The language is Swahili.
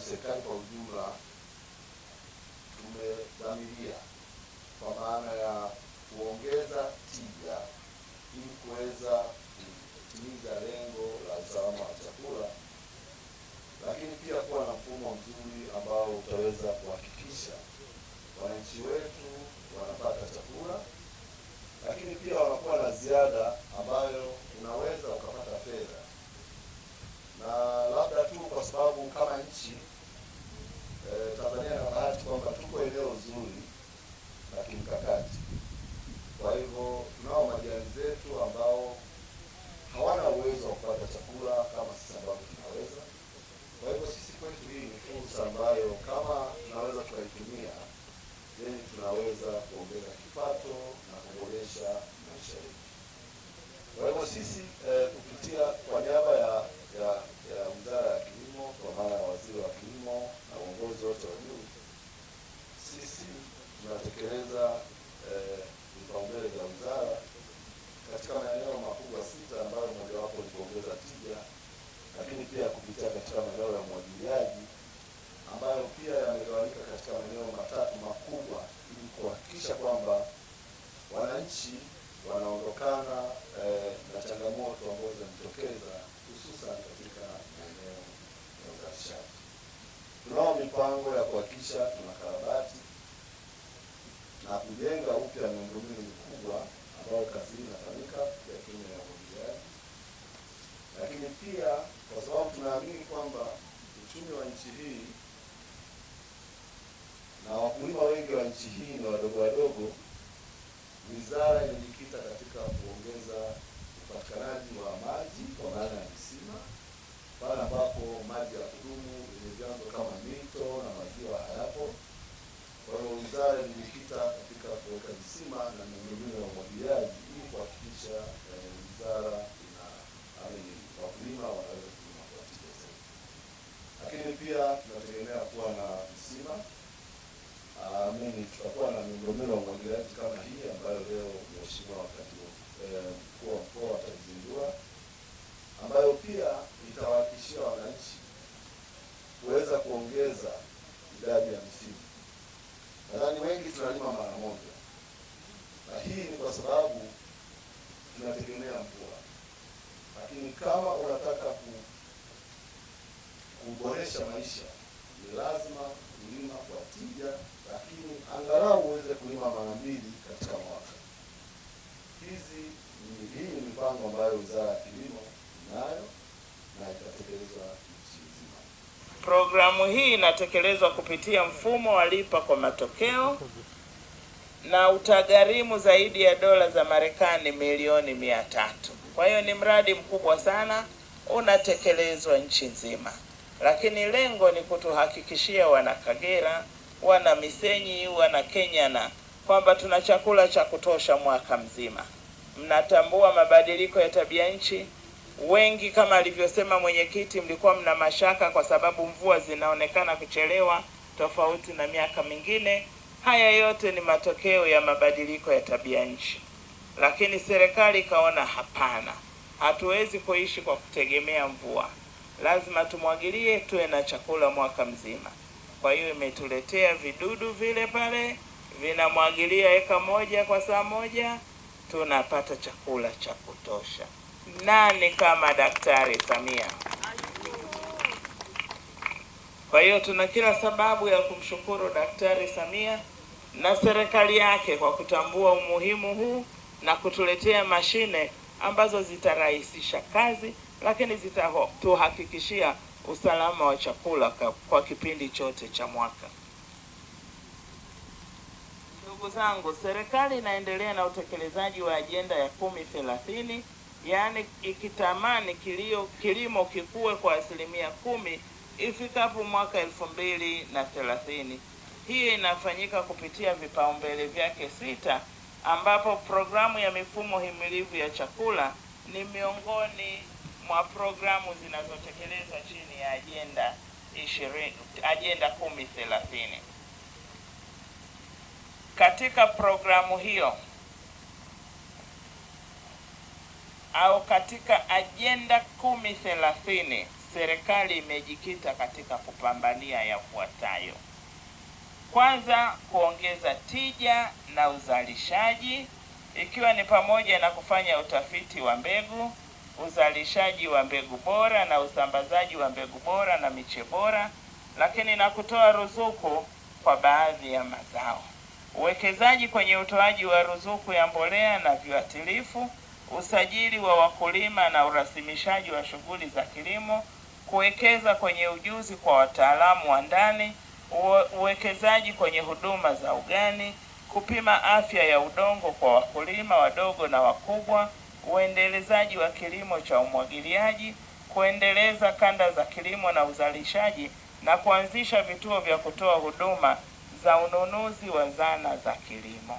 serikali kwa ujumla tumedhamiria kwa maana ya kuongeza tija ili kuweza kutimiza lengo la usalama wa chakula, lakini pia kuwa na mfumo mzuri ambao utaweza kuhakikisha wananchi wetu wanapata chakula, lakini pia wanakuwa na ziada sisi eh, kupitia kwa niaba ya ya ya Wizara ya Kilimo kwa maana ya waziri wa kilimo na uongozi wote wa juu, sisi tunatekeleza eh, vipaumbele eh, vya wizara katika maeneo makubwa sita ambayo mojawapo ni kuongeza tija, lakini pia kupitia katika maeneo ya umwagiliaji ambayo pia yamegawanyika katika maeneo matatu makubwa ili kuhakikisha kwamba wananchi wanaondokana tuna karabati na kujenga upya miundombinu mikubwa ambayo kazi hii inafanyika ya tume ya uagizaji, lakini pia kwa sababu tunaamini kwamba uchumi wa nchi hii na wakulima wengi wa nchi hii na wadogo wadogo wizara nzima. Amini ah, tutakuwa na miundombinu ya umwagiliaji kama hii ambayo leo Mheshimiwa wakati eh, Mkuu wa Mkoa atazindua, ambayo pia itawahakikishia wananchi kuweza kuongeza idadi ya misimu. Nadhani wengi tunalima mara moja, na hii ni kwa sababu tunategemea mvua, lakini kama unataka kuboresha maisha ni lazima kulima kwa tija, lakini angalau uweze kulima mara mbili katika mwaka. Hizi hii ni mipango ambayo Wizara ya Kilimo inayo na itatekelezwa nchi nzima. Programu hii inatekelezwa kupitia mfumo wa lipa kwa matokeo na utagharimu zaidi ya dola za Marekani milioni mia tatu. Kwa hiyo ni mradi mkubwa sana unatekelezwa nchi nzima lakini lengo ni kutuhakikishia wana Kagera, wana Misenyi, wana Kenyana kwamba tuna chakula cha kutosha mwaka mzima. Mnatambua mabadiliko ya tabia nchi. Wengi kama alivyosema mwenyekiti, mlikuwa mna mashaka kwa sababu mvua zinaonekana kuchelewa tofauti na miaka mingine. Haya yote ni matokeo ya mabadiliko ya tabia nchi, lakini serikali ikaona hapana, hatuwezi kuishi kwa kutegemea mvua lazima tumwagilie, tuwe na chakula mwaka mzima. Kwa hiyo imetuletea vidudu vile pale, vinamwagilia eka moja kwa saa moja, tunapata chakula cha kutosha. Nani kama Daktari Samia? Kwa hiyo tuna kila sababu ya kumshukuru Daktari Samia na serikali yake kwa kutambua umuhimu huu na kutuletea mashine ambazo zitarahisisha kazi lakini zitatuhakikishia usalama wa chakula kwa kipindi chote cha mwaka. Ndugu zangu, serikali inaendelea na utekelezaji wa ajenda ya kumi thelathini, yaani ikitamani kilio, kilimo kikuwe kwa asilimia kumi ifikapo mwaka elfu mbili na thelathini. Hii inafanyika kupitia vipaumbele vyake sita ambapo programu ya mifumo himilivu ya chakula ni miongoni mwa programu zinazotekelezwa chini ya ajenda ishirini ajenda kumi thelathini. Katika programu hiyo au katika ajenda kumi thelathini, serikali imejikita katika kupambania yafuatayo: kwanza, kuongeza tija na uzalishaji, ikiwa ni pamoja na kufanya utafiti wa mbegu uzalishaji wa mbegu bora na usambazaji wa mbegu bora na miche bora, lakini na kutoa ruzuku kwa baadhi ya mazao. Uwekezaji kwenye utoaji wa ruzuku ya mbolea na viuatilifu, usajili wa wakulima na urasimishaji wa shughuli za kilimo, kuwekeza kwenye ujuzi kwa wataalamu wa ndani, uwekezaji kwenye huduma za ugani, kupima afya ya udongo kwa wakulima wadogo na wakubwa uendelezaji wa kilimo cha umwagiliaji, kuendeleza kanda za kilimo na uzalishaji na kuanzisha vituo vya kutoa huduma za ununuzi wa zana za kilimo.